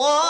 빠 뭐?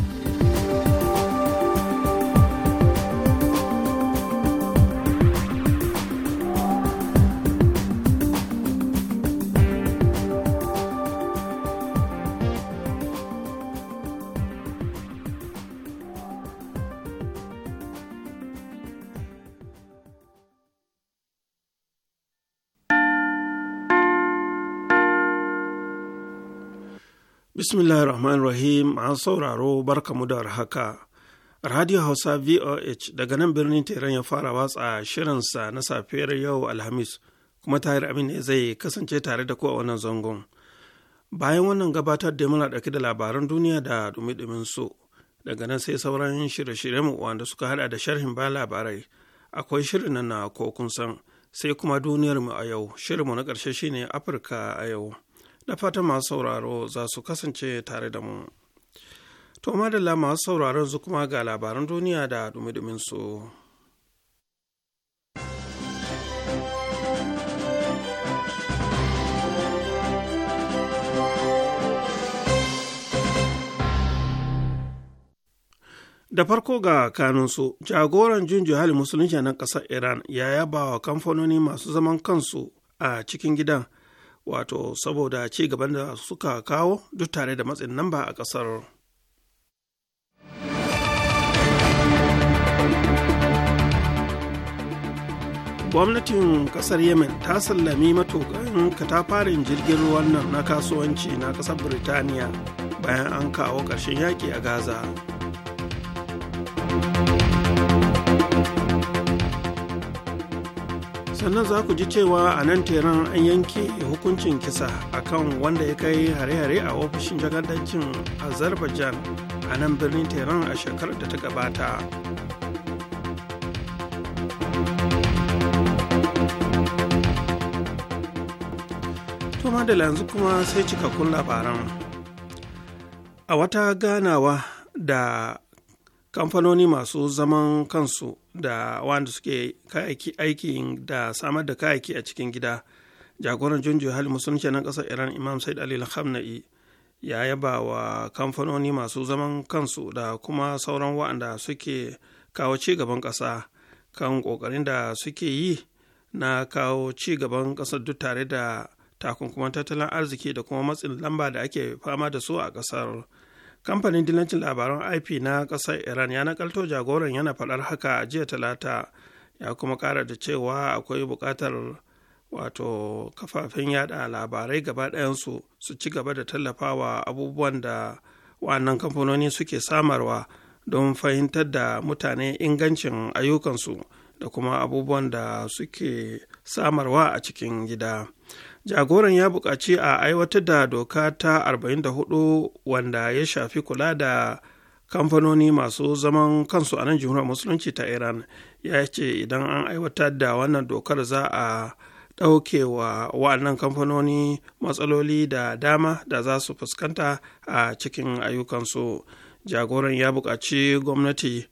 bismillahir rahmanir rahim an sauraro barkamu da haka radio hausa voh daga nan birnin teran ya fara watsa shirinsa na safiyar yau alhamis kuma tahir amin ne zai kasance tare da ku a wannan zangon bayan wannan gabatar da muna ɗauki da labaran duniya da dumi su daga nan sai sauran shirye-shiryen mu wanda suka hada da sharhin ba labarai akwai shirin na ko kun san sai kuma duniyar mu a yau shirin mu na ƙarshe shine afirka a yau da fatan masu sauraro za su kasance tare da mu. To madalla masu sauraron su kuma ga labaran duniya da dumi su. Da farko ga kanunsu, jagoran jin hali musulunci na ƙasar Iran ya yaba wa kamfanoni masu zaman kansu a cikin gidan wato saboda ci gaban da suka kawo duk tare da matsin namba a ƙasar. gwamnatin kasar yemen ta sallami matukan katafarin jirgin ruwan nan na kasuwanci na kasar birtaniya bayan an kawo ƙarshen yaƙi a gaza sannan za ku ji cewa a nan teran an yanke hukuncin kisa akan wanda ya kai hare-hare a ofishin jagadancin azerbaijan a nan birnin teran a shekarar da ta gabata Tuma da yanzu kuma sai cikakkun labaran a wata ganawa da kamfanoni masu zaman kansu da wanda suke aikin da samar da kayaki a cikin gida jagoran junjo hali musulunci na ƙasar iran imam said ali khamna'i ya yaba wa kamfanoni masu zaman kansu da kuma sauran waɗanda suke kawo ci gaban ƙasa kan ƙoƙarin da suke yi na kawo ci gaban ƙasar duk tare da takunkuman tattalin arziki da kuma matsin lamba da ake fama da su a ƙasar. kamfanin dilancin labaran ip na ƙasar iran ya nakalto jagoran yana faɗar haka a jiya talata ya kuma ƙara da cewa akwai buƙatar wato kafafen yada labarai gaba ɗayansu su ci gaba da tallafawa abubuwan da wannan kamfanoni suke samarwa don fahimtar da mutane ingancin ayyukansu da kuma abubuwan da suke samarwa a cikin gida jagoran ya buƙaci a aiwatar da doka ta 44 wanda ya shafi kula da kamfanoni masu zaman kansu a nan jihunar musulunci ta iran ya ce idan an aiwatar da wannan dokar za a ɗauke wa wa'annan kamfanoni matsaloli da dama da za su fuskanta a cikin ayyukansu jagoran ya buƙaci gwamnati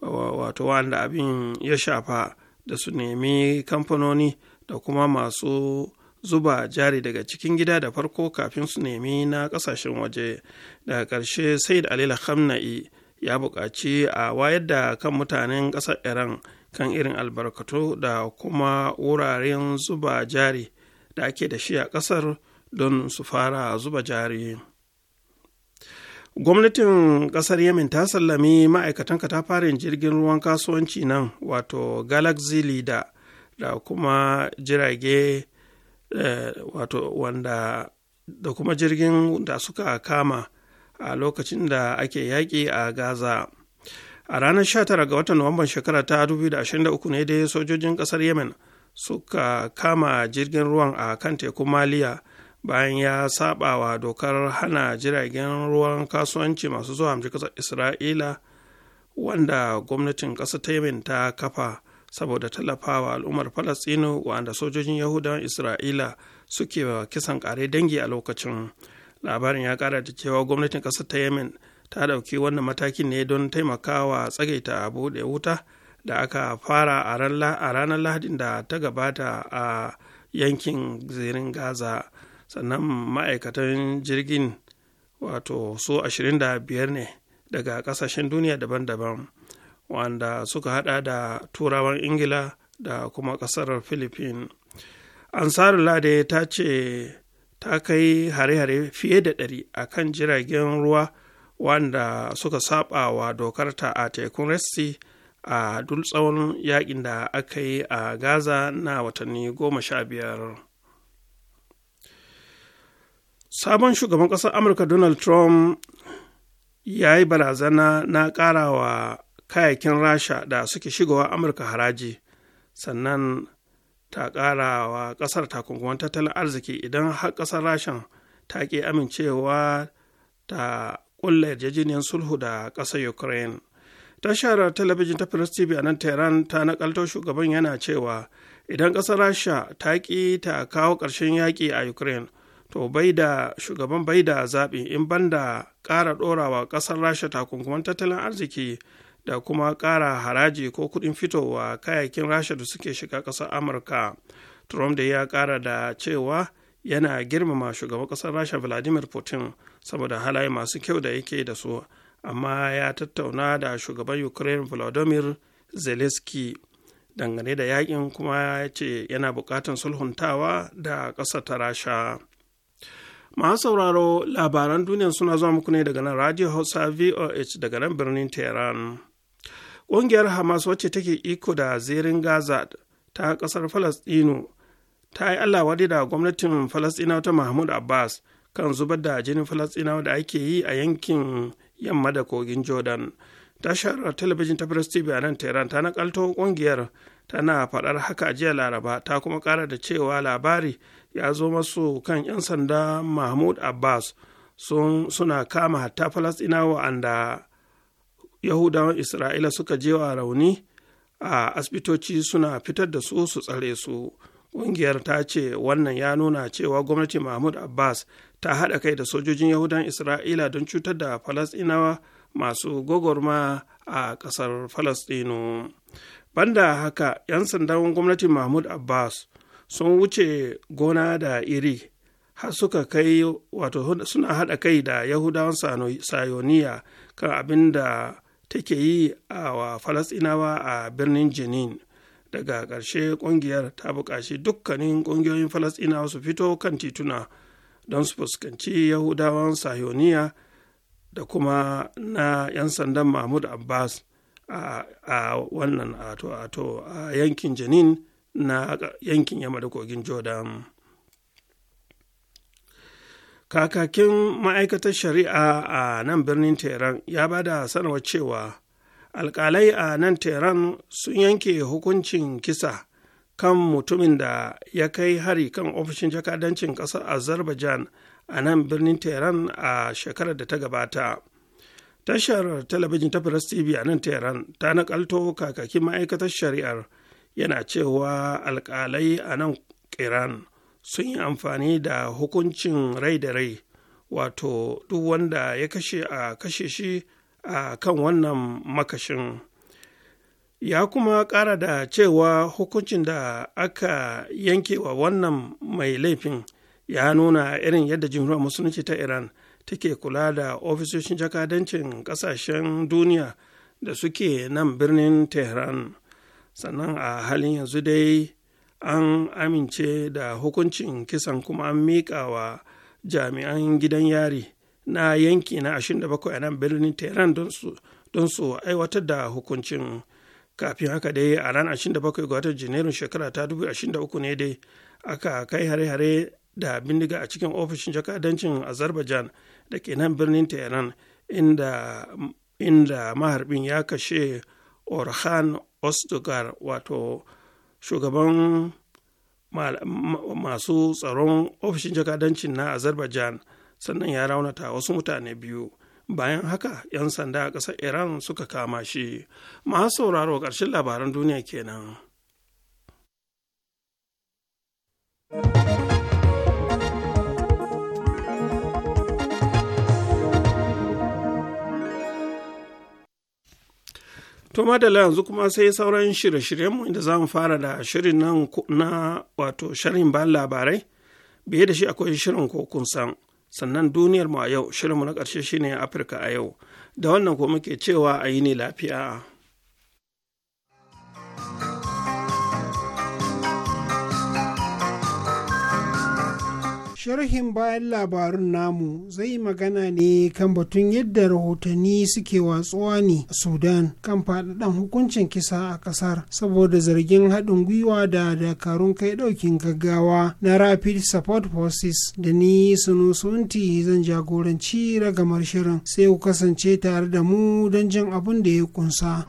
wato wanda abin ya shafa da su nemi kamfanoni da kuma masu zuba jari daga cikin gida da farko kafin su nemi na kasashen waje daga ƙarshe said alila khamna'i ya buƙaci a wayar da kan mutanen ƙasar iran kan irin albarkatu da kuma wuraren zuba jari da ake da shi a ƙasar don su fara zuba jari gwamnatin ƙasar yemen ta sallami ma'aikatan katafarin jirgin ruwan kasuwanci nan wato galaxy leader da kuma jirage Eh, wato wanda da kuma jirgin da suka kama a lokacin da ake yaƙi a gaza a ranar 19 ga watan nuwamban shekara ta 2023 ne dai sojojin ƙasar yemen suka kama jirgin ruwan a kan tekun maliya bayan ya saba wa dokar hana jiragen ruwan kasuwanci masu zuwa hamshi ƙasar isra'ila wanda gwamnatin ƙasar ta yemen ta kafa saboda tallafawa al'ummar falastino wanda sojojin yahudawan isra'ila suke wa kisan kare dangi a lokacin labarin ya kara da cewa gwamnatin kasar ta yemen ta ɗauki wannan matakin ne don taimakawa tsagaita buɗe wuta da aka fara a ranar lahadin da ta gabata a yankin zirin gaza sannan ma'aikatan jirgin wato su 25 ne daga kasashen duniya daban-daban wanda suka hada da turawan ingila da kuma kasar philippines ansarullah lade ta ce ta kai hare-hare fiye da ɗari a kan jiragen ruwa wanda suka saba wa dokarta a tekun resti a dul tsawon yakin da aka yi a gaza na watanni goma sha biyar sabon shugaban ƙasar amurka donald trump ya yi barazana na ƙarawa kayakin rasha da suke shigowa amurka haraji sannan ta ƙara wa ƙasar takunkuman tattalin arziki idan har ƙasar rashan ta ƙi amincewa ta ƙulla yarjejeniyar sulhu da ƙasar ukraine tashar talabijin ta firis tv a nan tehran ta nakalto shugaban yana cewa idan ƙasar rasha ta ƙi ta kawo ƙarshen yaƙi a ukraine to bai da shugaban bai da zaɓi in banda ƙara ɗorawa ƙasar rasha takunkuman tattalin arziki da kuma ƙara haraji ko kuɗin fitowa kayayyakin rasha da suke shiga ƙasar amurka trump da ya ƙara da cewa yana girmama shugaban ƙasar rasha vladimir putin saboda halaye masu kyau da yake da su amma ya tattauna da shugaban ukraine volodymyr zelensky dangane da yakin kuma ya ce yana buƙatar sulhuntawa da ƙasa ta rasha masu sauraro labaran duniya suna zuwa muku ne daga nan radio hausa voh daga nan birnin tehran ƙungiyar hamas wacce take iko da zirin gaza ta ƙasar falasɗinu ta yi allah wadi da gwamnatin falastinawa ta mahmud abbas kan zubar da jinin falastinawa da ake yi a yankin yamma da kogin jordan tashar talabijin ta press tv a nan tehran ta nakalto ƙungiyar tana faɗar haka jiya laraba ta kuma ƙara da cewa labari ya zo masu kan 'yan sanda mahmud abbas sun suna kama hatta falasɗinawa wa'anda yahudawan isra'ila suka je wa rauni a asibitoci suna fitar da su su tsare su ƙungiyar ta ce wannan ya nuna cewa gwamnati mahmud abbas ta haɗa kai da sojojin yahudan isra'ila don cutar da falasɗinawa masu gogorma a ƙasar falasɗinu banda haka 'yan sandan gwamnatin mahmud abbas sun wuce gona da iri har suka kai wato suna haɗa kai da yahudawan sayoniya kan abin da take yi a wa falasɗinawa a birnin jenin daga ƙarshe ƙungiyar ta buƙaci dukkanin ƙungiyoyin falasɗinawa su fito kan tituna don su fuskanci yahudawan sahioniya da kuma na 'yan sandan mahmud abbas a wannan ato-ato a yankin jenin na yankin yamma da kogin jordan kakakin ma'aikatar shari'a a nan birnin tehran ya ba da sanarwar cewa alkalai a nan tehran sun yanke hukuncin kisa kan mutumin da ya kai hari kan ofishin jakadancin ƙasar azerbaijan a nan birnin tehran a shekarar da ta gabata tashar talabijin ta press tv a nan tehran ta nakalto kakakin ma'aikatar shari'ar yana cewa alkalai a nan iran sun yi amfani da hukuncin rai da rai wato duk wanda ya kashe a kashe shi a kan wannan makashin ya kuma ƙara da cewa hukuncin da aka yanke wa wannan mai laifin ya nuna irin yadda jimhuriyar musulunci ta iran take kula da ofisoshin jakadancin ƙasashen duniya da suke nan birnin tehran sannan a halin yanzu dai an amince da hukuncin kisan kuma an miƙa wa jami'an gidan yari na yanki na 27 a nan birnin tehran don su aiwatar da hukuncin kafin haka dai a ran 27 ga watan janairun shekara ta 2023 ne dai aka kai hare-hare da bindiga a cikin ofishin jakadancin azerbaijan da ke nan birnin tehran inda, inda maharbin ya kashe orhan ostogar wato shugaban masu tsaron ofishin jakadancin na azerbaijan sannan ya raunata wasu mutane biyu bayan haka 'yan sanda a ƙasar iran suka kama shi masu sauraro ƙarshen labaran duniya kenan. To madala yanzu kuma sai sauran shirye-shiryenmu inda za mu fara da shirin nan na wato sharhin bayan labarai, biye da shi akwai shirin kokun san, sannan duniyar mu a yau, shirinmu na ƙarshe shine Afirka a yau, da wannan ko muke cewa a yi ne lafiya. sharhin bayan labarun namu zai magana ne kan batun yadda rahotanni suke watsuwa ne a sudan kan faɗaɗan hukuncin kisa a ƙasar saboda zargin haɗin gwiwa da dakarun kai ɗaukin gaggawa na rapid support forces da ni sunu sunti zan jagoranci ragamar shirin sai ku kasance tare da mu don jin abin da ya kunsa.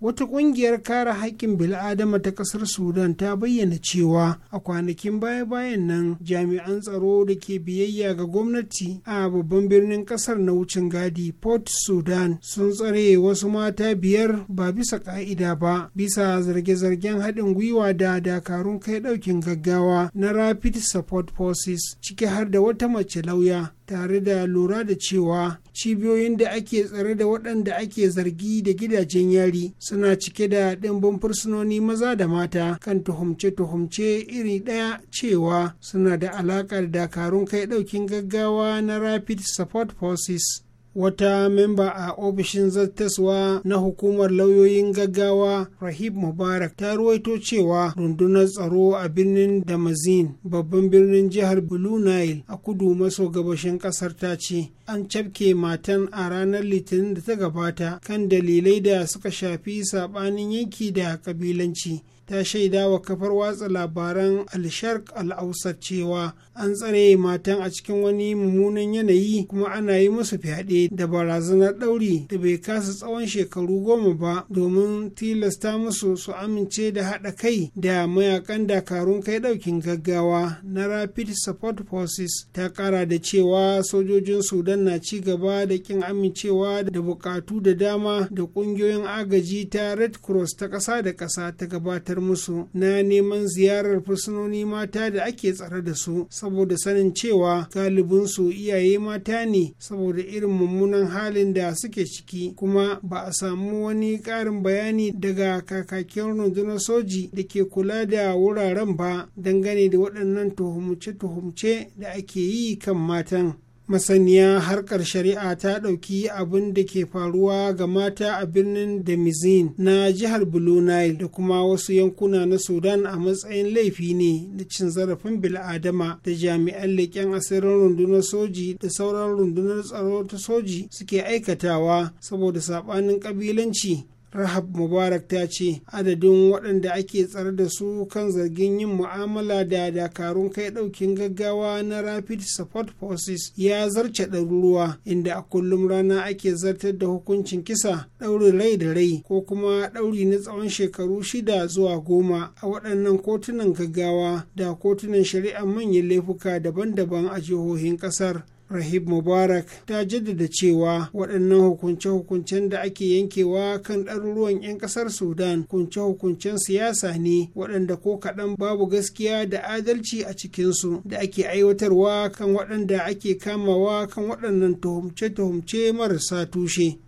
wata kungiyar kare haƙƙin bil'adama ta ƙasar sudan ta bayyana cewa a kwanakin baya-bayan nan jami'an tsaro da ke biyayya ga gwamnati a babban birnin ƙasar na wucin gadi port sudan sun tsare wasu mata biyar ba bisa ƙa'ida ba bisa zarge-zargen haɗin gwiwa da dakarun kai ɗaukin gaggawa na rapid support forces ciki har da wata mace lauya tare da lura da cewa cibiyoyin da ake tsare da waɗanda ake zargi da gidajen yari suna cike da ɗimbin fursunoni maza da mata kan tuhumce-tuhumce iri ɗaya cewa suna da alaƙar dakarun kai ɗaukin gaggawa na rapid support forces wata memba a ofishin zartaswa na hukumar lauyoyin gaggawa rahib mubarak ta ruwaito cewa rundunar tsaro a birnin damazin babban birnin jihar blue nile a kudu maso gabashin kasar ta ce an cafke matan a ranar litinin da ta gabata kan dalilai da suka shafi sabanin yanki da kabilanci ta shaida wa kafar watsa labaran al-sharq al ausar cewa an tsare matan a cikin wani mummunan yanayi kuma ana yi musu fyaɗe da barazanar ɗauri da bai kasa tsawon shekaru goma ba domin tilasta musu su amince da haɗa kai da mayakan dakarun kai ɗaukin gaggawa na rapid support forces ta ƙara da cewa sojojin sudan na ci gaba da ƙin amincewa da buƙatu da dama da ƙungiyoyin agaji ta red cross ta ƙasa da ƙasa ta gabatar musu na neman ziyarar fursunoni mata da ake tsare da su saboda sanin cewa galibinsu iyaye mata ne saboda irin mummunan halin da suke ciki kuma ba a samu wani ƙarin bayani daga kakakin rundunar soji da ke kula da wuraren ba dangane da waɗannan tuhumce-tuhumce da ake yi kan matan. masaniya harkar shari'a ta ɗauki abin da ke faruwa ga mata a birnin demizin na jihar blue nile da kuma wasu yankuna na sudan a matsayin laifi ne na cin zarafin bil'adama da jami'an leƙen asirin rundunar soji da sauran rundunar tsaro ta soji suke aikatawa saboda saɓanin ƙabilanci rahab mubarak ta ce adadin waɗanda ake tsare da su kan zargin yin mu'amala da dakarun kai ɗaukin gaggawa na rapid support forces ya zarce ɗaruruwa inda a kullum rana ake zartar da hukuncin kisa ɗaurin rai da rai ko kuma ɗauri na tsawon shekaru shida zuwa goma a waɗannan kotunan gaggawa da kotunan shari'ar manyan laifuka daban-daban a jihohin ƙasar rahib mubarak ta jaddada cewa waɗannan hukunce-hukuncen da ake yankewa kan ɗaruruwan 'yan ƙasar sudan hukunce-hukuncen siyasa ne waɗanda ko kaɗan babu gaskiya da adalci a cikinsu da ake aiwatarwa kan waɗanda ake kamawa kan waɗannan tuhumce-tuhumce marasa tushe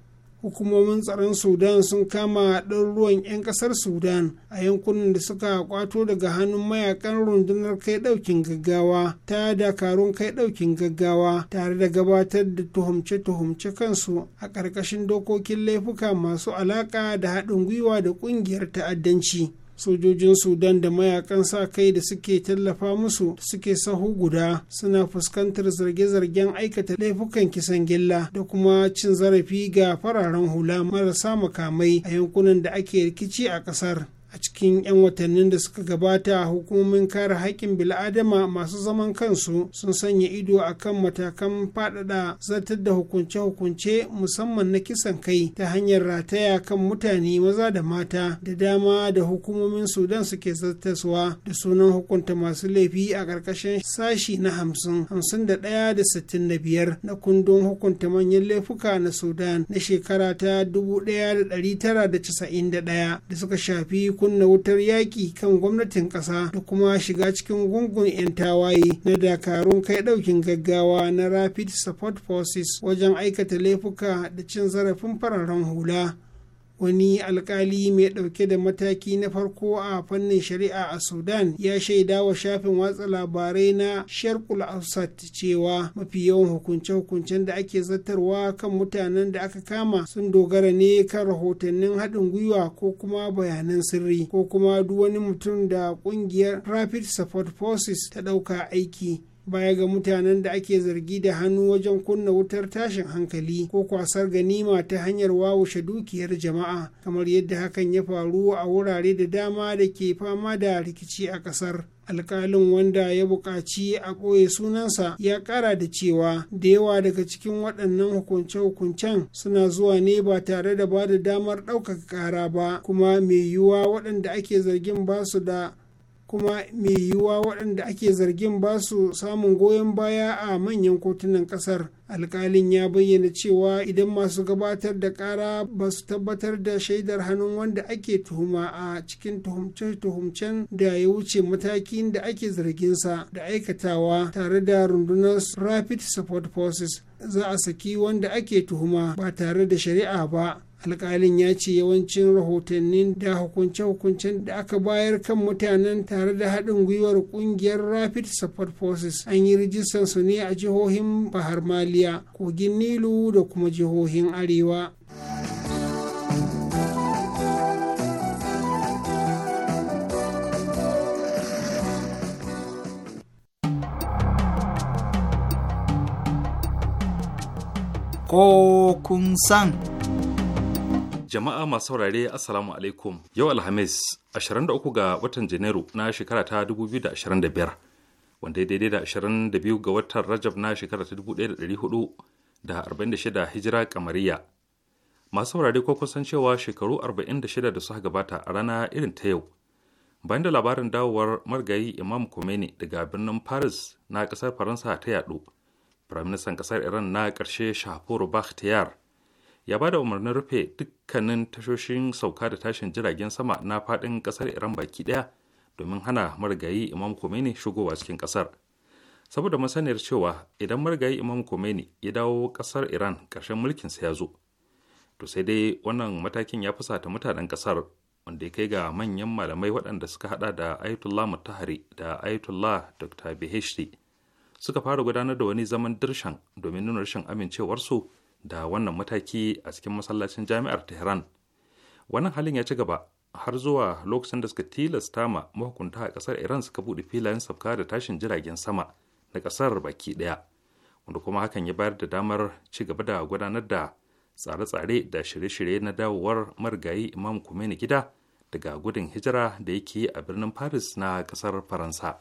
hukumomin tsaron sudan sun kama ɗan ruwan 'yan ƙasar sudan a yankunan da suka kwato daga hannun mayakan rundunar kai ɗaukin gaggawa ta dakarun kai ɗaukin gaggawa tare da gabatar da tuhumce-tuhumce kansu a ƙarƙashin dokokin laifuka masu alaƙa da haɗin gwiwa da ƙungiyar ta'addanci sojojin sudan da mayakan sa kai da suke tallafa musu suke sahu guda suna fuskantar zarge-zargen aikata laifukan kisan gilla da kuma cin zarafi ga fararen hula marasa makamai a yankunan da ake rikici a kasar a cikin 'yan watannin da suka gabata hukumomin kare haƙƙin bil'adama masu zaman kansu sun sanya ido a kan matakan faɗaɗa zartar da hukunce-hukunce musamman na kisan kai ta hanyar rataya kan mutane maza da mata da dama da hukumomin sudan suke zartaswa da sunan hukunta masu laifi a ƙarƙashin sashi na hamsin hamsin da ɗaya da sittin da biyar na kundin hukunta manyan laifuka na sudan na shekara ta dubu ɗaya da ɗari tara da casa'in da ɗaya da suka shafi kunna wutar yaƙi kan gwamnatin ƙasa da kuma shiga cikin gungun 'yan tawaye na dakarun kai ɗaukin gaggawa na rapid support forces wajen aikata laifuka da cin zarafin fararen hula wani alkali mai ɗauke da mataki na farko a fannin shari'a a sudan ya shaida wa shafin watsa labarai na sharkul ausat cewa mafi yawan hukunce-hukuncen da ake zartarwa kan mutanen da aka kama sun dogara ne kan rahotannin haɗin gwiwa ko kuma bayanan sirri ko kuma duk wani mutum da ƙungiyar rapid support forces ta ɗauka aiki baya ga mutanen da ake zargi da hannu wajen kunna wutar tashin hankali ko kwasar ganima ta hanyar wawushe dukiyar jama'a kamar yadda hakan ya faru a wurare da dama da ke fama da rikici a ƙasar alkalin wanda ya buƙaci a ɓoye sunansa ya ƙara da cewa da yawa daga cikin waɗannan hukunce-hukuncen suna zuwa ne ba tare da ba da damar ɗaukaka ƙara ba kuma mai yiwuwa waɗanda ake zargin ba su da kuma mai yiwuwa waɗanda ake zargin ba su samun goyon baya a manyan kotunan ƙasar alƙalin ya bayyana cewa idan masu gabatar da ƙara ba su tabbatar da shaidar hannun wanda ake tuhuma a cikin tuhumce-tuhumcen da ya wuce matakin da ake zarginsa da aikatawa tare da rundunar rapid support forces za a saki wanda ake tuhuma ba tare da shari'a ba alƙalin ya ce yawancin rahotannin da hukunce-hukuncen da aka bayar kan mutanen tare da haɗin gwiwar ƙungiyar rapid support forces an yi rijistar su ne a jihohin bahar maliya kogin nilu da kuma jihohin arewa Ko kun san. Jama'a masu saurare Assalamu alaikum. Yau Alhamis 23 ga watan Janairu na shekara ta 2025 wanda daidai da 22 ga watan Rajab na shekara ta 1446 Hijira kamariya. Masu saurare ko kusan cewa shekaru 46 da suka gabata a rana irin ta yau. Bayan da labarin dawowar margayi Imam Khomeini daga birnin Paris na kasar Faransa ta yadu. Firaministan kasar Iran na ƙarshe Shahapur Bakhtiyar ya ba da umarnin rufe dukkanin tashoshin sauka da tashin jiragen sama na fadin ƙasar iran baki daya domin hana marigayi imam khomeini shigowa cikin kasar saboda masaniyar cewa idan marigayi imam khomeini ya dawo kasar iran mulkin mulkinsa ya zo to sai dai wannan matakin ya fusata mutanen kasar wanda ya kai ga manyan malamai waɗanda suka hada da ayatollah mutahari da ayatollah dr bhd suka fara gudanar da wani zaman dirshan domin nuna rashin amincewarsu da wannan mataki a cikin masallacin jami'ar tehran wannan halin ya ci gaba har zuwa lokacin da suka tilasta ma mahukunta a kasar iran suka buɗe filayen sabka da tashin jiragen sama na ƙasar baki ɗaya wanda kuma hakan ya bayar da damar ci gaba da gudanar da tsare-tsare da shirye-shirye na dawowar marigayi imam kumeni gida daga gudun hijira da yake yi a birnin paris na ƙasar faransa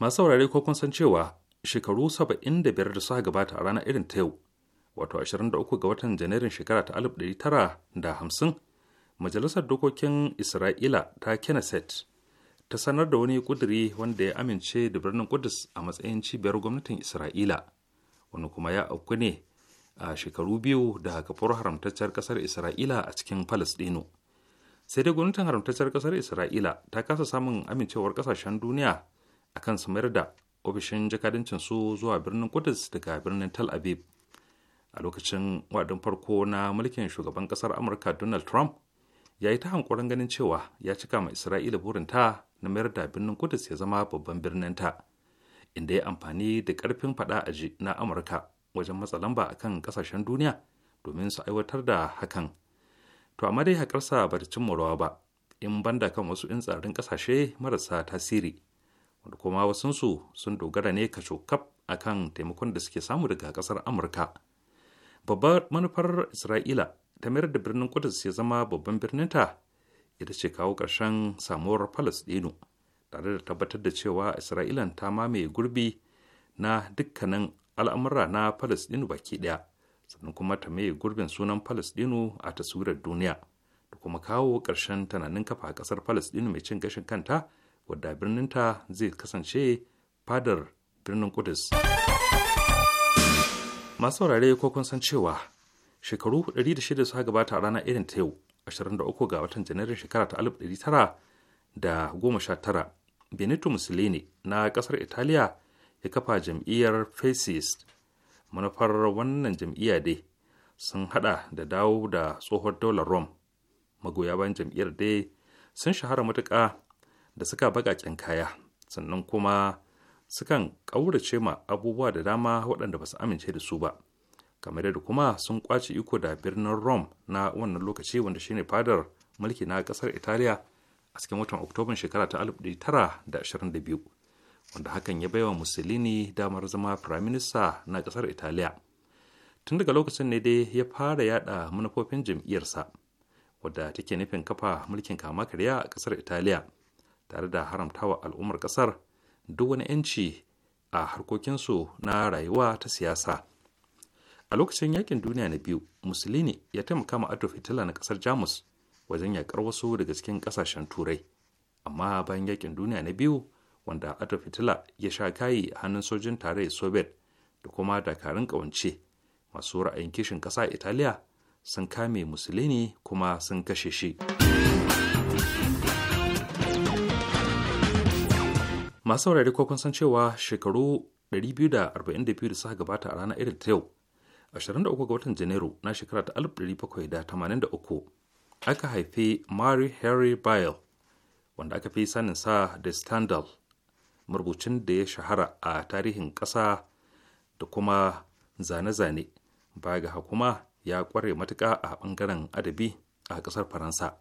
masu saurare ko kun san cewa shekaru 75 da suka gabata a ranar irin ta yau wato 23 ga watan janairun shekara ta 1950 majalisar dokokin isra'ila ta kenneset ta sanar da wani kuduri wanda ya amince da birnin kudus a matsayin cibiyar gwamnatin isra'ila wani kuma ya auku ne a shekaru biyu da kafar haramtacciyar kasar isra'ila a cikin palestino sai dai gwamnatin haramtacciyar kasar isra'ila ta kasa samun amincewar kasashen duniya akan su mayar da ofishin jakadancin su zuwa birnin Kudus daga birnin Tel Aviv. A lokacin wadin farko na mulkin shugaban kasar Amurka Donald Trump ya yi ta hankoron ganin cewa ya cika ma Isra'ila burinta na mayar da birnin Kudus ya zama babban birnin ta. Inda ya amfani da karfin fada aji na Amurka wajen matsa lamba a kan kasashen duniya domin su aiwatar da hakan. To amma dai haƙarsa ba ta cin ba in banda kan wasu 'yan tsarin ƙasashe marasa tasiri. wanda kuma wasunsu sun dogara ne ka kacokaf a kan taimakon da suke samu daga kasar amurka babbar manufar isra'ila ta mayar da birnin kudus ya zama babban birninta ita ce kawo ƙarshen samuwar palestino tare da tabbatar da cewa isra'ilan ta mamaye gurbi na dukkanin al'amura na palestino baki ɗaya sannan kuma ta maye gurbin sunan palestino a taswirar duniya da kuma kawo ƙarshen tunanin kafa a ƙasar palestino mai cin gashin kanta wadda birninta zai kasance fadar birnin Kudus. Masu saurare ko kun san cewa shekaru 106 suka gabata a rana irin ta yau 23 ga watan janairun shekara ta 1919 Benito Mussolini na kasar Italiya ya kafa jam'iyyar Fascist. Manufar wannan jam'iyya dai sun hada da dawo da tsohon daular Rome. Magoya bayan jam'iyyar dai sun shahara matuka. da suka baƙaƙen kaya sannan kuma sukan ƙaurace ma abubuwa da dama waɗanda ba su amince da su ba kamar yadda kuma sun kwace iko da birnin rome na wannan lokaci wanda shine fadar mulki na ƙasar italiya a cikin watan oktoban shekara ta 1922 wanda hakan ya baiwa musulini damar zama firaminista na ƙasar italiya tun daga lokacin ne dai ya fara yada manufofin jam'iyyarsa wadda take nufin kafa mulkin kama karya a ƙasar italiya tare da haramtawa al'ummar ƙasar duk wani 'yanci a harkokinsu na rayuwa ta siyasa a lokacin yakin duniya na biyu musulini ya taimaka ma adolf hitler na ƙasar jamus wajen yaƙar wasu daga cikin ƙasashen turai amma bayan yakin duniya na biyu wanda adolf hitler ya sha kayi a hannun sojin tarayyar soviet da kuma dakarun ƙawance masu ra'ayin kishin ƙasa italiya sun kame musulini kuma sun kashe shi masu saurari ko kun san cewa shekaru 242 da suka gabata a ranar irin ta yau 23 ga watan janairu na shekara ta 1783 aka haifi mary harry bile wanda aka fi sanin sa da standal marubucin da ya shahara a tarihin ƙasa da kuma zane-zane baya ga hakuma ya kware matuka a ɓangaren adabi a ƙasar faransa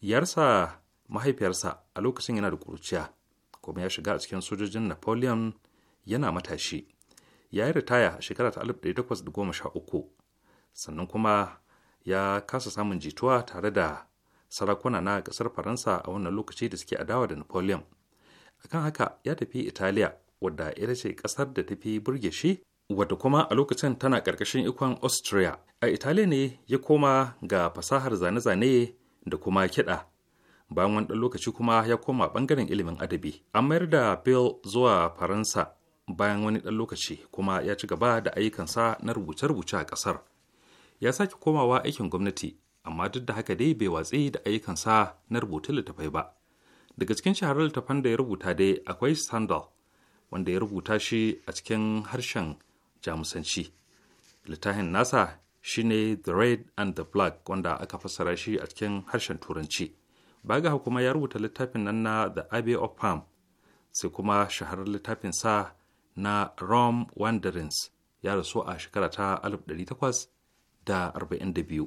yarsa mahaifiyarsa a lokacin yana da ƙuruciya kuma ya shiga a cikin sojojin napoleon yana matashi ya yi ritaya a shekara ta 1813 sannan kuma ya kasa samun jituwa tare da sarakuna na kasar faransa a wannan lokaci da suke adawa da napoleon kan haka ya tafi italiya wadda ita ce kasar da tafi burge shi wadda kuma a lokacin tana ƙarƙashin ikon austria a italiya ne ya koma ga fasahar zane-zane da kuma kiɗa bayan wani ɗan lokaci kuma ya koma ɓangaren ilimin adabi an mayar da bill zuwa faransa bayan wani ɗan lokaci kuma ya ci gaba da ayyukansa na rubuce-rubuce a ƙasar ya sake komawa aikin gwamnati amma duk da haka dai bai watsi da ayyukansa na rubuta littafai ba daga cikin shaharar littafan da ya rubuta dai akwai sandal wanda ya rubuta shi a cikin harshen jamusanci littafin nasa shine the red and the black wanda aka fassara shi a cikin harshen turanci baga kuma ya rubuta littafin nan na The Abbey of Palm sai kuma shaharar littafin sa na Rome Wanderings ya rasu a shekara ta 1842.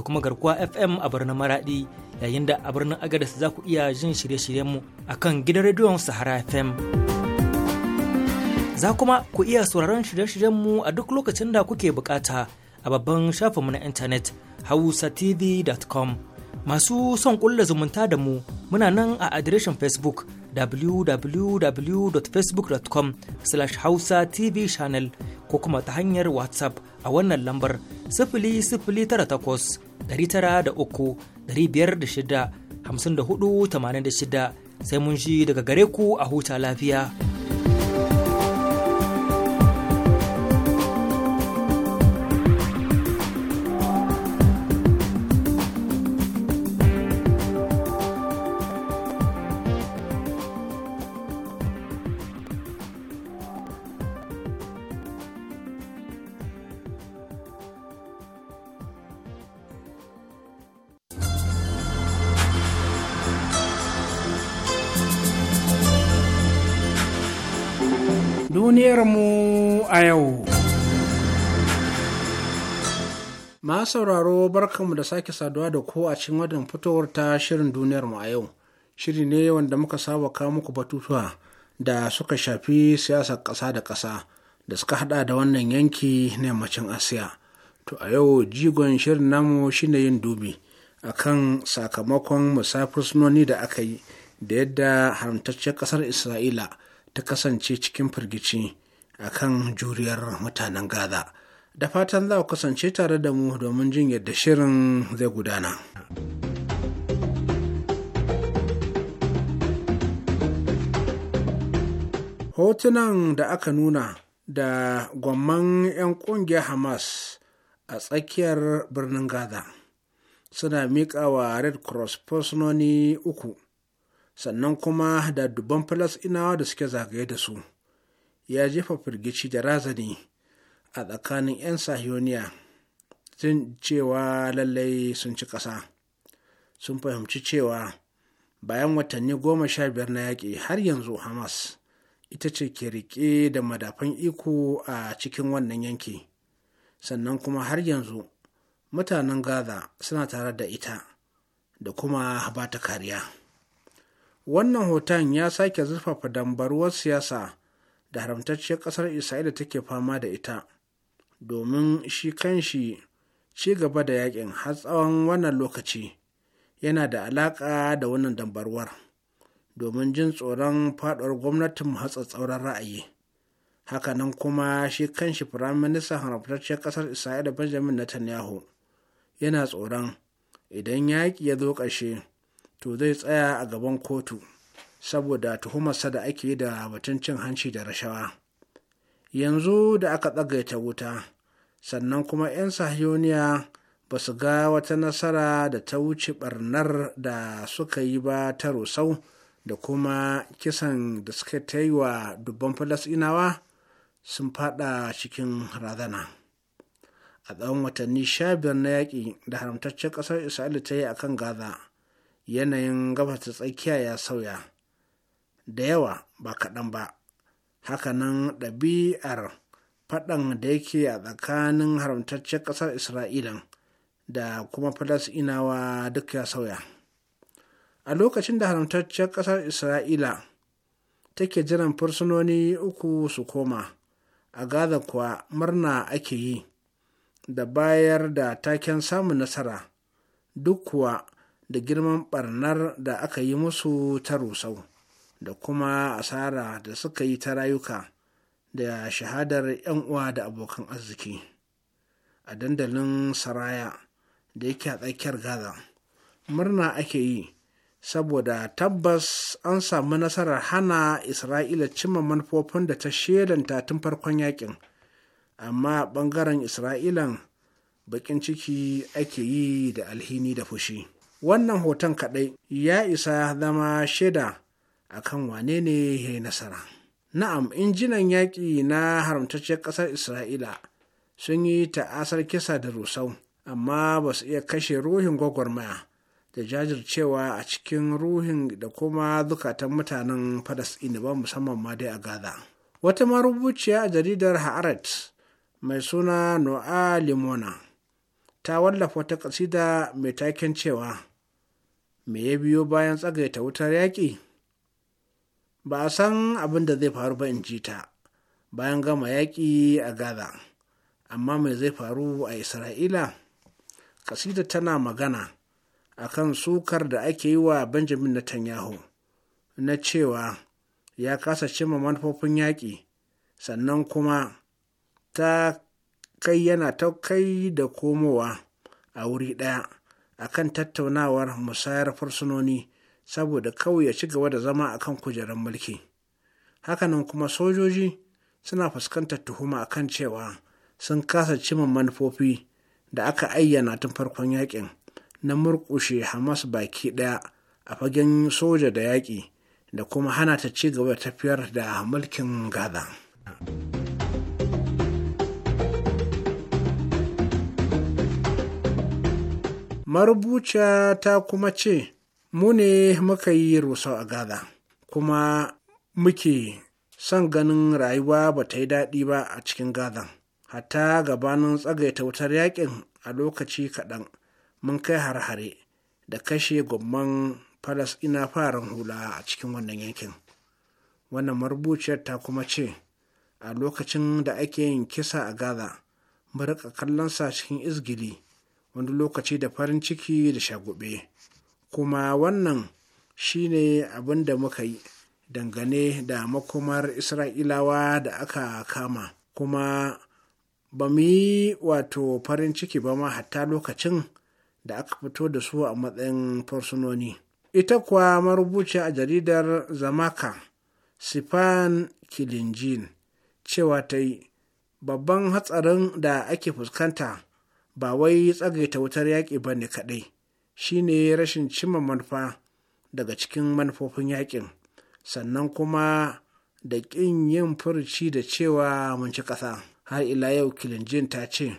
da kuma garkuwa FM a birnin Maradi yayin da a birnin Agadas za ku iya jin shirye-shiryenmu a kan gidan rediyon Sahara FM. Za kuma ku iya sauraron shirye-shiryenmu a duk lokacin da kuke bukata a babban shafinmu na intanet hausatv.com. Masu son kulla zumunta da mu muna nan a adireshin Facebook www.facebook.com slash hausa tv channel ko kuma ta hanyar whatsapp a wannan lambar takwas. 9,500,6,54,86 sai mun ji daga gare ku a huta lafiya. yau. Ma sauraro barkanmu da sake saduwa da ko a cikin wadan fitowar ta shirin duniyar mu a yau. Shiri ne wanda muka saba kawo muku batutuwa da suka shafi siyasar ƙasa da ƙasa da suka hada da wannan yanki na yammacin Asiya. To a yau jigon shirin namu shine yin dubi akan sakamakon musafir sunoni da aka yi da yadda haramtaccen ƙasar Isra'ila ta kasance cikin firgici a kan juriyar mutanen gaza da fatan za ku kasance tare da mu domin jin yadda shirin zai gudana. hotunan da aka nuna da gwamman 'yan kungiyar hamas a tsakiyar birnin gaza suna miƙa wa red cross persononi uku sannan kuma da dubban falasɗinawa da suke zagaye da su ya jefa firgici da razani a tsakanin 'yan sahiyoniya sun cewa lallai sun ci ƙasa sun fahimci cewa bayan watanni goma sha biyar na yaƙi har yanzu hamas ita ce ke riƙe da madafan iko a cikin wannan yanki sannan kuma har yanzu mutanen gaza suna tare da ita da kuma ba ta kariya wannan hoton ya sake zurfafa dambaruwar siyasa da haramtacciyar ƙasar isra'ila take fama da ita domin shi kanshi ci gaba da yakin har tsawon wannan lokaci yana da alaƙa da wannan dambarwar domin jin tsoron faɗuwar gwamnatin tsauran ra'ayi hakanan kuma shi kanshi firaministan haramtacciyar ƙasar isra'ila benjamin netanyahu yana tsoron idan yaƙi ya zo ƙarshe to zai tsaya a gaban kotu saboda tuhumarsa da ake da batun cin hanci da rashawa yanzu da aka tsagaita wuta sannan kuma 'yan sahiyoniya ba su ga wata nasara da ta wuce barnar da suka yi ba ta rusau da kuma kisan da suka ta yi wa dubban falasinawa sun fada cikin razana a tsawon watanni sha biyar na yaƙi da haramtaccen ƙasar isra'ila ta yi a kan gaza yanayin gabata tsakiya ya sauya da yawa ba kaɗan ba hakanan ɗabi'ar faɗan da yake a tsakanin haramtaccen ƙasar isra'ilan da kuma falasinawa duk ya sauya a lokacin da haramtaccen ƙasar isra'ila take jiran fursunoni uku su koma a gaza kuwa murna ake yi da bayar da taken samun nasara duk kuwa da girman ɓarnar da aka yi musu ta rusau da kuma asara da suka yi ta rayuka da shahadar 'yan uwa da abokan arziki a dandalin saraya da yake a tsakiyar gaza murna ake yi saboda tabbas an samu nasarar hana isra'ila cimma manufofin da ta shedanta tun farkon yakin amma bangaren isra'ilan bakin ciki ake yi da alhini da fushi wannan hoton kaɗai ya isa zama shaida akan wane ne ya yi nasara na'am injinan yaƙi na haramtacciyar ƙasar isra'ila sun yi ta'asar kisa da rusau amma ba su iya kashe ruhin gwagwarmaya da jajircewa a cikin ruhin da kuma zukatan mutanen falasɗini ba musamman ma dai a gaza wata marubuciya a jaridar haaret mai suna noa limona ta wallafa wata ƙasida mai taken cewa me ya biyo bayan tsagaita wutar yaƙi ba a san abin da zai faru ba in ji ta bayan gama yaƙi a gaza amma mai zai faru a isra'ila kasida tana magana a kan sukar da ake yi wa benjamin netanyahu na cewa ya kasa cimma manufofin yaƙi sannan kuma ta kai yana ta kai da komowa a wuri ɗaya akan tattaunawar musayar fursunoni saboda kawai ya ci gaba da zama a kan kujerar mulki hakanan kuma sojoji suna fuskantar tuhuma a kan cewa sun kasa cimma manufofi da aka ayyana tun farkon yakin na murkushe hamas baki ɗaya a fagen soja da yaƙi da kuma hana ta ci gaba da tafiyar da mulkin gaza. marubuciya ta kuma ce mu ne muka yi rusau a gaza kuma muke son ganin rayuwa ba ta yi daɗi ba a cikin Gaza. hatta gabanin tsagaita wutar yakin a lokaci kaɗan mun kai har-hare da kashe gomman falasɗina farin hula a cikin wannan yankin wannan marubuciyar ta kuma ce a lokacin da ake yin kisa a gaza mu riƙa sa cikin izgili wani lokaci da farin ciki da shagube kuma wannan shine abin da muka yi dangane da makomar isra'ilawa da aka kama kuma ba mu yi wato farin ciki ba ma hatta lokacin da aka fito da su a matsayin fursunoni ita kuwa marubuci a jaridar zamaka sifan kilinjin cewa ta yi babban hatsarin da ake fuskanta ba wai tsagaita wutar yaƙi ba ne kaɗai shine rashin cimma manufa daga cikin manufofin yakin sannan kuma da ƙin yin furci da cewa mun ci ƙasa har ila yau kilinjin ta ce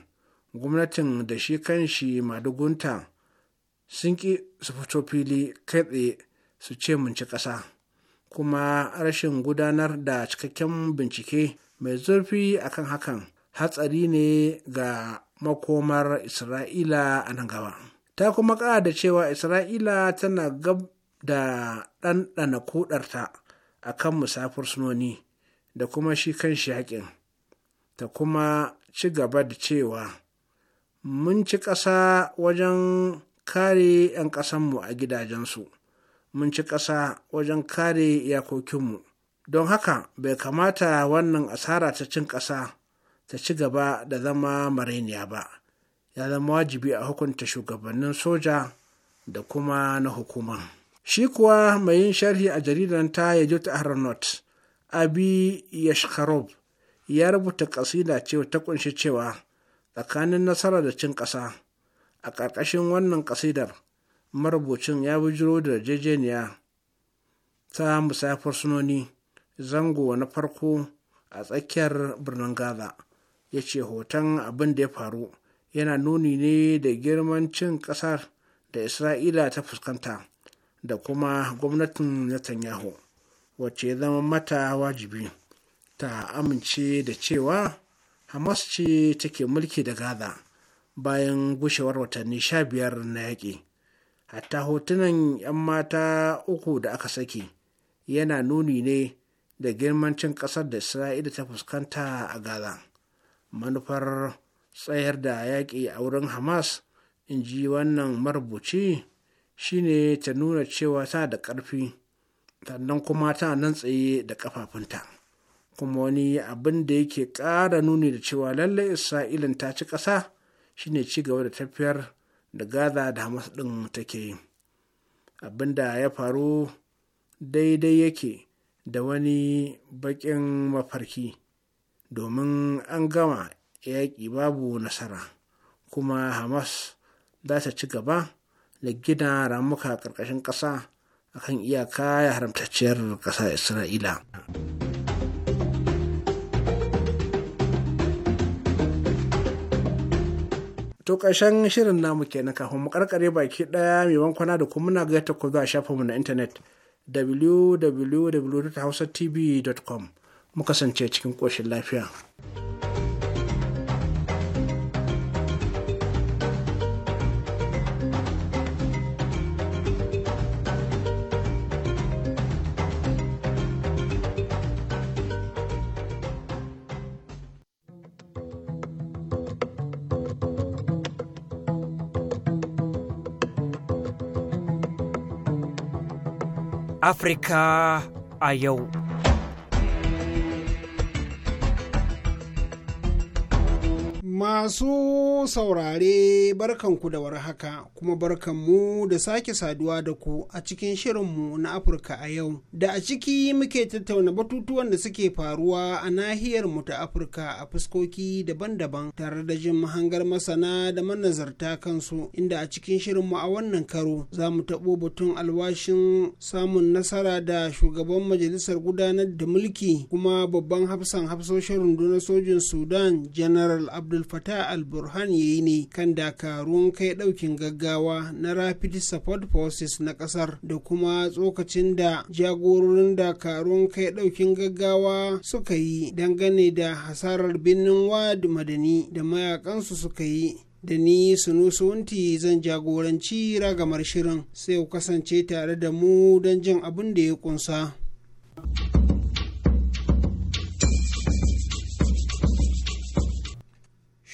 gwamnatin da shi kanshi madugunta sun ƙi su fito fili kai tsaye su ce mun ci ƙasa kuma rashin gudanar da cikakken bincike mai zurfi akan hakan hatsari ne ga makomar isra'ila a nan gaba ta kuma ƙara da cewa isra'ila tana gab da ɗanɗana kudarta a kan musafir sunoni da kuma shi kan shi haƙin ta kuma ci gaba da cewa mun ci ƙasa wajen kare 'yan ƙasanmu a gidajensu mun ci ƙasa wajen kare iyakokinmu don haka bai kamata wannan asara ta cin ƙasa ta ci gaba da zama marainiya ba ya zama wajibi a hukunta shugabannin soja da kuma na hukuma. Shi kuwa mai yin sharhi a jaridan ta ya a Aronot, Abi Yashkarov, ya rubuta kasida cewa ta kunshi cewa tsakanin nasara da cin ƙasa. A ƙarƙashin wannan kasidar, marubucin ya bujiro da jejeniya, ta musafir sunoni zango na farko a tsakiyar birnin Gaza, ya ce hoton abin da ya faru. yana nuni ne da girman cin ƙasar da isra'ila ta fuskanta da kuma gwamnatin netanyahu wacce ya zama mata wajibi ta amince da cewa hamas ce take mulki da gaza bayan gushewar watanni sha biyar na yaƙi hatta hotunan 'yan mata uku da aka saki yana nuni ne da girman ƙasar da isra'ila ta fuskanta a gaza manufar tsayar da yaƙi a wurin hamas in ji wannan marubuci shine ta nuna cewa ta da ƙarfi sannan kuma ta nan tsaye da ƙafafunta kuma wani abin da yake ƙara nuni da cewa lallai isra'ilin ta ci ƙasa shine ci gaba da tafiyar da gaza da hamas ɗin take yi abin da ya faru daidai yake da wani baƙin mafarki domin an gama yaƙi babu nasara kuma hamas za ta ci gaba da gina ramuka ƙarƙashin ƙasa akan iyaka ya haramtacciyar ƙasa isra'ila to ƙarshen shirin namu kenan kafin mu ƙarƙare baki ɗaya mai wankwana da kuma muna gaita ku zuwa shafinmu na intanet www.hausatv.com mu kasance cikin ƙoshin lafiya. Afirka a yau. Masu saurare barkanku da warhaka kuma barkanmu da sake saduwa da ku a cikin shirinmu na Afirka a yau. Da a ciki muke tattauna batutuwan da suke faruwa a nahiyar mu ta Afirka a fuskoki daban-daban tare da jin mahangar masana da manazarta kansu inda a cikin shirinmu a wannan karo za mu taɓo batun alwashin samun nasara da shugaban majalisar gudanar da mulki kuma babban hafsan hafsoshin rundunar sojin Sudan General Abdul Fattah ta alburhan ya yayi ne kan dakarun kai daukin gaggawa na Rapid Support Forces na kasar da kuma tsokacin da jagororin dakarun kai daukin gaggawa suka yi dangane da hasarar birnin Wad Madani da mayakansu suka yi. da ni sunusunti zan jagoranci ragamar shirin sai ku kasance tare da mu don jin abin da ya kunsa.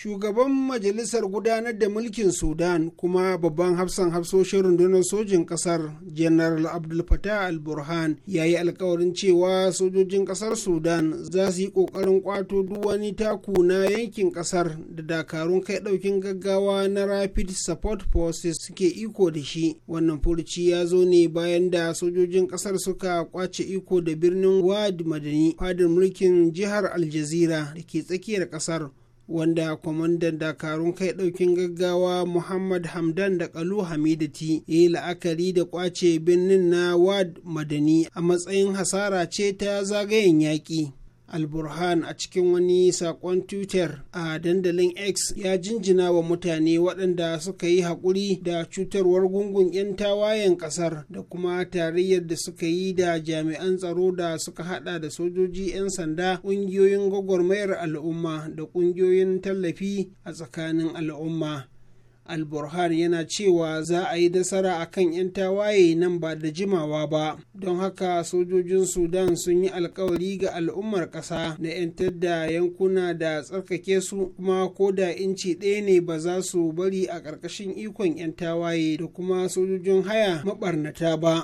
shugaban majalisar gudanar da mulkin sudan kuma babban hafsan hafsoshin rundunar sojin kasar general abdul fatah al-burhan ya yi alkawarin cewa sojojin kasar sudan za su yi kokarin kwato duk wani taku na yankin kasar da dakarun kai daukin gaggawa na rapid support forces suke iko da shi wannan furuci ya zo ne bayan da sojojin kasar suka kwace iko da birnin wad madani fadin mulkin jihar aljazira da ke tsakiyar kasar wanda kwamandan dakarun kai ɗaukin gaggawa muhammad hamdan da kalu hamidati ya yi la'akari da kwace birnin na wad madani a matsayin hasara ce ta zagayen yaƙi alburhan a cikin wani sakon twitter a dandalin x ya jinjina wa mutane waɗanda suka yi haƙuri da cutarwar gungun 'yan tawayen ƙasar da kuma tarayyar da suka yi da jami'an tsaro da suka haɗa da sojoji 'yan sanda ƙungiyoyin gwagwarmayar al'umma da ƙungiyoyin tallafi a tsakanin al'umma alburhan yana cewa za a yi dasara a kan 'yan tawaye nan ba da jimawa ba don haka sojojin sudan sun yi alkawari ga al'ummar ƙasa na 'yantar da yankuna da tsarkake su kuma ko da inci ɗaya ne ba za su bari a ƙarƙashin ikon 'yan tawaye da kuma sojojin haya maɓarnata ba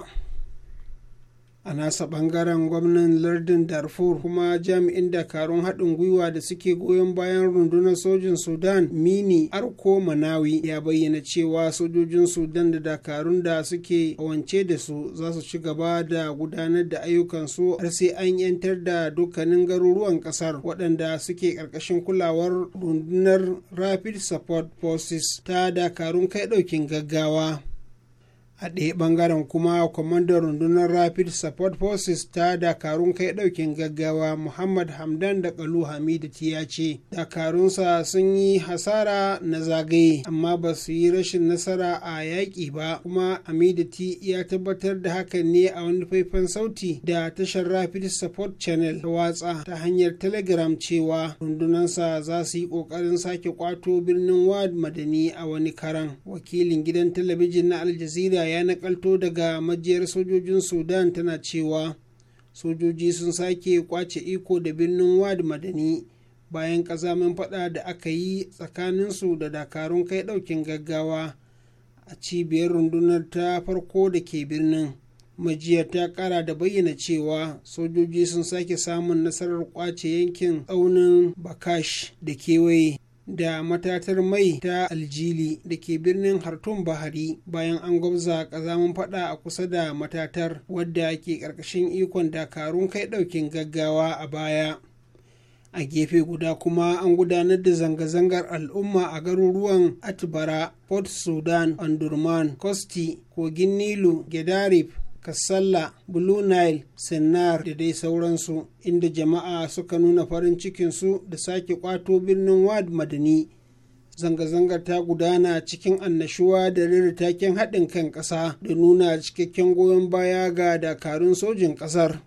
a nasa bangaren gwamnan lardin darfur kuma jami'in dakarun haɗin gwiwa da suke goyon bayan rundunar sojin sudan mini arko manawi ya bayyana cewa sojojin sudan da dakarun da suke wance da su za su ci gaba da gudanar da ayyukansu har sai an yantar da dukkanin garuruwan ƙasar waɗanda suke ƙarƙashin kulawar rundunar rapid support forces ta dakarun kai ɗaukin gaggawa a ɗaya ɓangaren kuma kwamandan rundunar rapid support forces ta dakarun kai ɗaukin gaggawa muhammad hamdan da kalu hamidu ya ce dakarunsa sun yi hasara na zagaye amma ba su yi rashin nasara a yaƙi ba kuma hamidu ya tabbatar da hakan ne a wani faifan sauti da tashar rapid support channel ta watsa ta hanyar telegram cewa rundunansa za su yi ƙoƙarin sake kwato birnin wad madani a wani karan wakilin gidan talabijin na aljazeera ya nakalto daga majiyar sojojin sudan tana cewa sojoji sun sake kwace iko da birnin wad madani bayan kazamin fada da aka yi tsakanin su da dakarun kai daukin gaggawa a cibiyar rundunar ta farko da ke birnin majiyar ta kara da bayyana cewa sojoji sun sake samun nasarar kwace yankin tsaunin bakash da kewaye da matatar mai ta aljili da ke birnin hartun bahari bayan an gwabza kazamin fada a kusa da matatar wadda ke karkashin ikon dakarun kai daukin gaggawa a baya a gefe guda kuma an gudanar da zanga-zangar al'umma a garuruwan atbara port sudan andurman kosti kogin nilu gedarif kasalla blue nile sennar da dai sauransu inda jama'a suka nuna farin cikinsu da sake kwato birnin wad madani zanga-zangar ta gudana cikin annashuwa da rere taken haɗin kan ƙasa da nuna cikakken goyon baya ga dakarun sojin ƙasar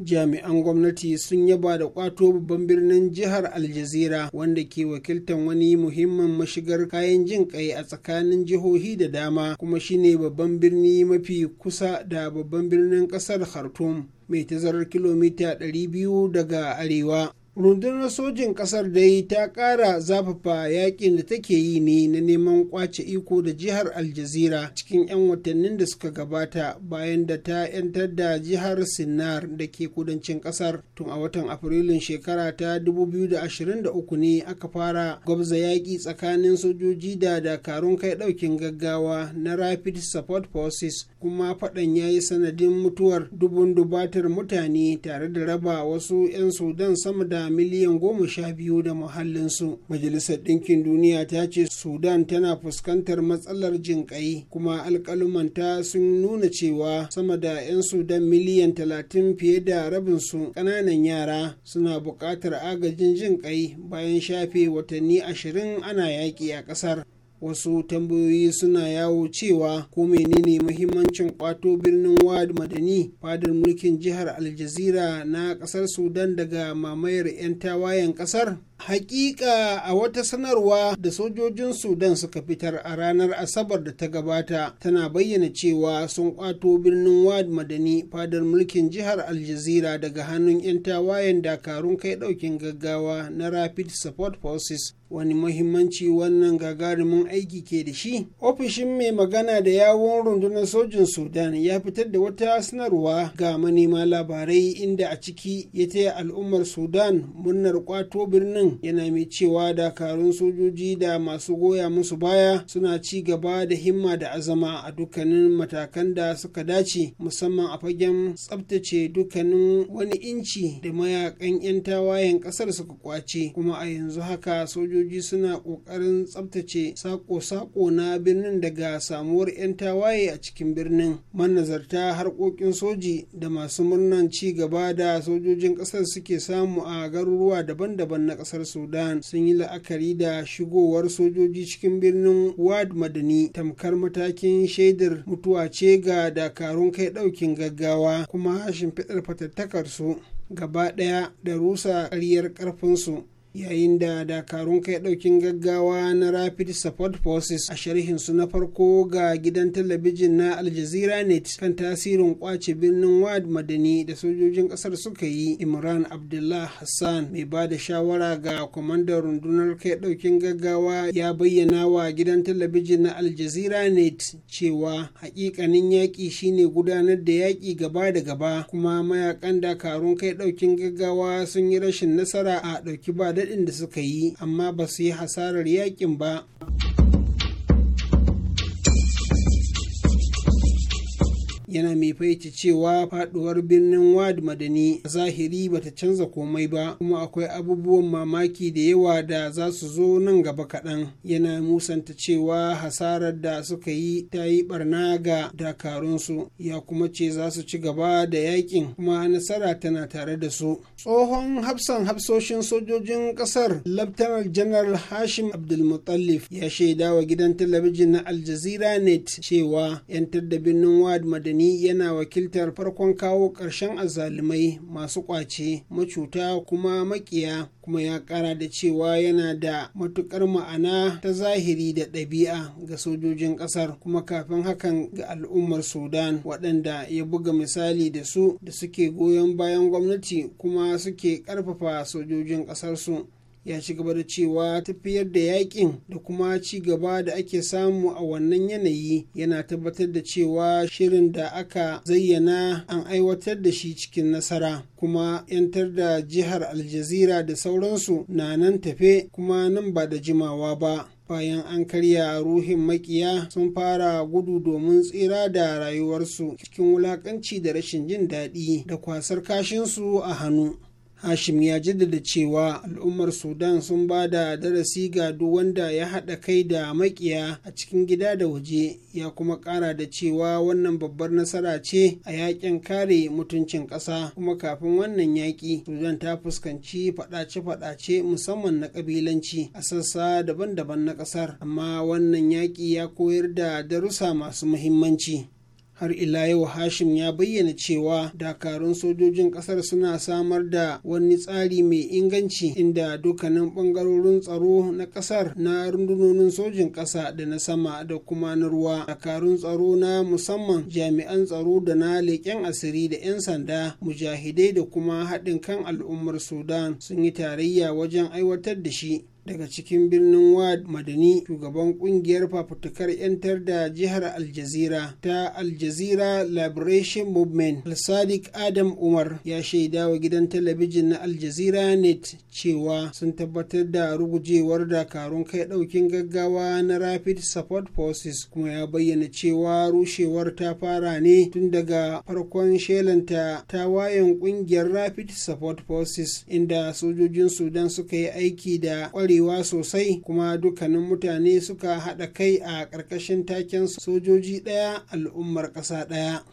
jami'an gwamnati sun yaba da kwato babban birnin jihar aljazira wanda ke wakiltan wani muhimmin mashigar kayan jin kai a tsakanin jihohi da dama kuma shine babban birni mafi kusa da babban birnin kasar khartoum mai tazarar kilomita 200 daga arewa rundunar sojin kasar dai ta kara zafafa yakin da take yi ne na neman kwace iko da jihar aljazira cikin 'yan watannin da suka gabata bayan da ta 'yantar da jihar sinnar da ke kudancin kasar tun a watan afrilun shekara ta 2023 ne aka fara gwabza yaƙi tsakanin sojoji da dakarun kai ɗaukin gaggawa na rapid support forces kuma faɗan ya yi sanadin mutuwar dubun dubatar mutane tare da raba wasu 'yan sudan sama da miliyan goma sha biyu da muhallinsu majalisar ɗinkin duniya ta ce sudan tana fuskantar matsalar jinƙai kuma alƙalumanta sun nuna cewa sama da 'yan sudan miliyan talatin fiye da rabinsu ƙananan yara suna buƙatar agajin jinƙai bayan shafe watanni ashirin ana yaƙi a ƙasar wasu tambayoyi suna yawo cewa ko menene muhimmancin kwato birnin wad madani fadar mulkin jihar aljazira na kasar sudan daga mamayar 'yan tawayen kasar Hakika a wata sanarwa da sojojin Sudan suka fitar a ranar Asabar da ta gabata tana bayyana cewa sun kwato birnin Wad Madani fadar mulkin jihar Aljazira daga hannun 'yan tawayen dakarun kai daukin gaggawa na Rapid Support Forces wani mahimmanci wannan gagarumin aiki ke da shi ofishin mai magana da yawon rundunar sojin sudan ya fitar da wata sanarwa ga manema labarai inda a ciki ya taya al'ummar sudan murnar kwato birnin yana mai cewa dakarun sojoji da masu goya musu baya suna ci gaba da himma da azama a dukkanin matakan da suka dace musamman a fagen tsabtace dukkanin wani inci da mayakan 'yan tawayen ƙasar suka kwace kuma a yanzu haka sojoji suna ƙoƙarin tsabtace sako-sako na birnin daga samuwar 'yan tawaye a cikin birnin manazarta harkokin soji da masu murnan ci gaba da sojojin ƙasar suke samu a garuruwa daban-daban na ƙasar kasar sudan sun yi la'akari da shigowar sojoji cikin birnin wad madani tamkar matakin shaidar mutuwa ce ga dakarun kai daukin gaggawa kuma shimfiɗar fatattakar su gaba daya da rusa ƙaryar ƙarfinsu yayin da dakarun kai daukin gaggawa na rapid support forces a sharhinsu na farko ga gidan talabijin na aljazeera net kan tasirin kwace birnin wad madani da sojojin kasar suka yi imran abdullah hassan mai ba da shawara ga kwamandan rundunar kai daukin gaggawa ya bayyana wa gidan talabijin na aljazeera net cewa hakikanin yaƙi shine gudanar da yaƙi gaba da gaba kuma mayakan dakarun kai daukin gaggawa sun yi rashin nasara a dauki ba daɗin da suka yi amma ba su yi hasarar yakin ba yana mai faici cewa faduwar birnin wad madani a zahiri bata canza komai ba kuma akwai abubuwan mamaki da yawa da za su zo nan gaba kaɗan yana musanta cewa hasarar da suka yi ta yi barna ga dakarunsu ya kuma ce za su ci gaba da yakin kuma nasara tana tare da su tsohon hafsan hafsoshin sojojin ƙasar laftanar janar hashim abdulmutallif ya shaidawa gidan talabijin na AlJazeera net cewa 'yantar da birnin wad madani Ni yana wakiltar farkon kawo ƙarshen azzalumai masu ƙwace macuta kuma makiya kuma ya ƙara da cewa yana da matuƙar ma'ana ta zahiri da ɗabi'a ga sojojin ƙasar kuma kafin hakan ga al'ummar sudan waɗanda ya buga misali da su da suke goyon bayan gwamnati kuma suke ƙarfafa sojojin ƙasarsu ya ci gaba da cewa tafiyar da yakin da kuma ci gaba da ake samu a wannan yanayi yana tabbatar da cewa shirin da aka zayyana an aiwatar da shi cikin nasara kuma 'yantar da jihar aljazira da sauransu na nan tafe kuma nan ba da jimawa ba bayan an karya ruhin makiya sun fara gudu domin tsira da rayuwarsu cikin wulakanci da rashin jin daɗi da kwasar kashinsu a hannu hashim ya jaddada cewa al'ummar sudan sun ba da darasi ga duk wanda ya haɗa kai da makiya a cikin gida da waje ya kuma ƙara da cewa wannan babbar nasara ce a yakin kare mutuncin ƙasa kuma kafin wannan yaƙi sudan ta fuskanci faɗace-faɗace musamman na ƙabilanci a sassa daban-daban na ƙasar amma wannan yaƙi ya koyar da darussa masu muhimmanci har ila yau hashim ya bayyana cewa dakarun sojojin kasar suna samar da wani tsari mai inganci inda dukkanin bangarorin tsaro na kasar na rundunonin sojin kasa da na sama da kuma na ruwa dakarun tsaro na musamman jami'an tsaro da na leƙen asiri da 'yan sanda mujahidai da kuma haɗin kan al'ummar sudan sun yi tarayya wajen aiwatar da shi daga cikin birnin wad madani shugaban kungiyar fafutukar 'yantar da jihar aljazira ta aljazira liberation movement al-sadiq adam umar ya shaida wa gidan talabijin na aljazira net cewa sun tabbatar da rugujewar dakarun kai daukin gaggawa na rapid support forces kuma ya bayyana cewa rushewar ta fara ne tun daga farkon shelanta ta wayan kungiyar rapid support forces inda sojojin sudan suka yi aiki da kwarewa arewa sosai kuma dukkanin mutane suka haɗa kai a ƙarƙashin taken sojoji ɗaya al'ummar ƙasa ɗaya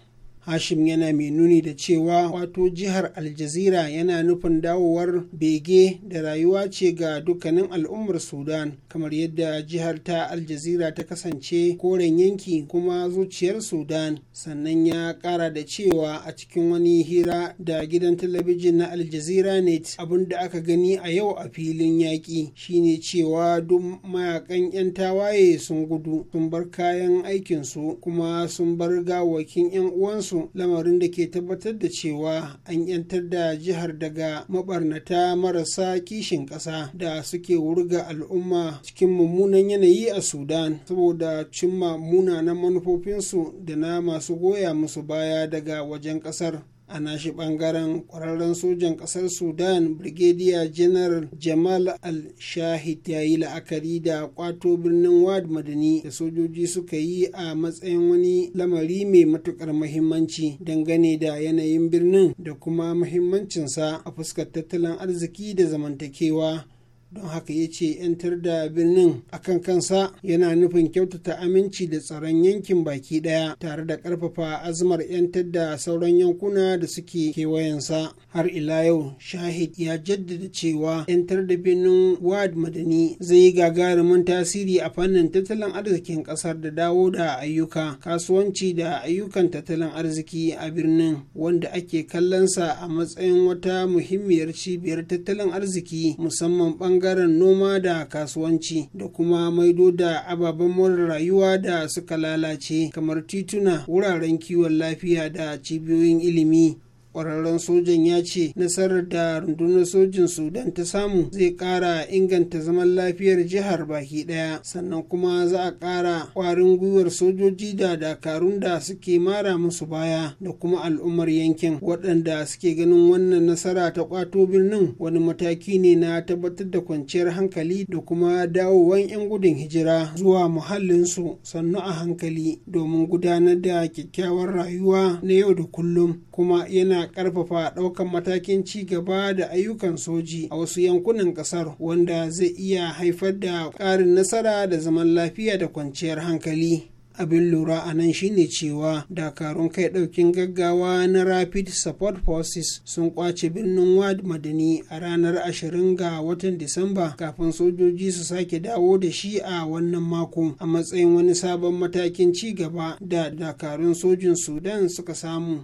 hashim yana mai nuni da cewa wato jihar aljazira yana nufin dawowar bege da rayuwa ce ga dukkanin al'ummar sudan kamar yadda jihar ta aljazira ta kasance koren yanki kuma zuciyar sudan sannan ya kara da cewa a cikin wani hira da gidan talabijin na aljazira net abin da aka gani a yau a filin yaƙi shine cewa duk mayakan 'yan tawaye sun gudu sun bar kayan aikinsu kuma sun bar gawakin 'yan uwansu su lamarin da ke tabbatar da cewa an yantar da jihar daga mabarnata marasa kishin ƙasa da suke wurga al'umma cikin mummunan yanayi a sudan saboda cimma munanan manufofinsu da na masu goya musu baya daga wajen ƙasar a nashi bangaren kwararren sojan kasar sudan brigadier general jamal al-shahid ya yi la'akari da kwato birnin wad madani da sojoji suka yi a matsayin wani lamari mai matukar mahimmanci dangane da yanayin birnin da kuma mahimmancinsa a fuskar tattalin arziki da zamantakewa don haka ya ce 'yantar da birnin akan kansa yana nufin kyautata aminci da tsaron yankin baki daya tare da karfafa azumar 'yantar da sauran yankuna da suke kewayensa har ila yau shahid ya jaddada cewa 'yantar da birnin ward madani zai yi gagarumin tasiri a fannin tattalin arzikin kasar da dawo da ayyuka kasuwanci da ayyukan tattalin arziki a birnin wanda ake kallonsa a matsayin wata muhimmiyar cibiyar tattalin arziki musamman bangaren bangaren noma da kasuwanci da kuma maido da ababen more rayuwa da suka lalace kamar tituna wuraren kiwon lafiya da cibiyoyin ilimi kwararren sojan ya ce nasarar da rundunar sojin sudan ta samu zai kara inganta zaman lafiyar jihar baki daya sannan kuma za a kara kwarin gwiwar sojoji da dakarun da suke mara musu baya da kuma al'ummar yankin waɗanda suke ganin wannan nasara ta kwato birnin wani mataki ne na tabbatar da kwanciyar hankali da kuma dawowan 'yan gudun hijira zuwa muhallinsu sannu a hankali domin gudanar da kyakkyawar rayuwa na yau da kullum kuma yana karfafa daukan matakin ci gaba da ayyukan soji a wasu yankunan kasar wanda zai iya haifar da karin nasara da zaman lafiya da kwanciyar hankali abin lura a nan shine cewa dakarun kai daukin gaggawa na rapid support forces sun kwace birnin wad madani a ranar 20 ga watan disamba kafin sojoji su sake dawo da shi a wannan mako a matsayin wani sabon matakin ci gaba da dakarun sojin sudan suka samu.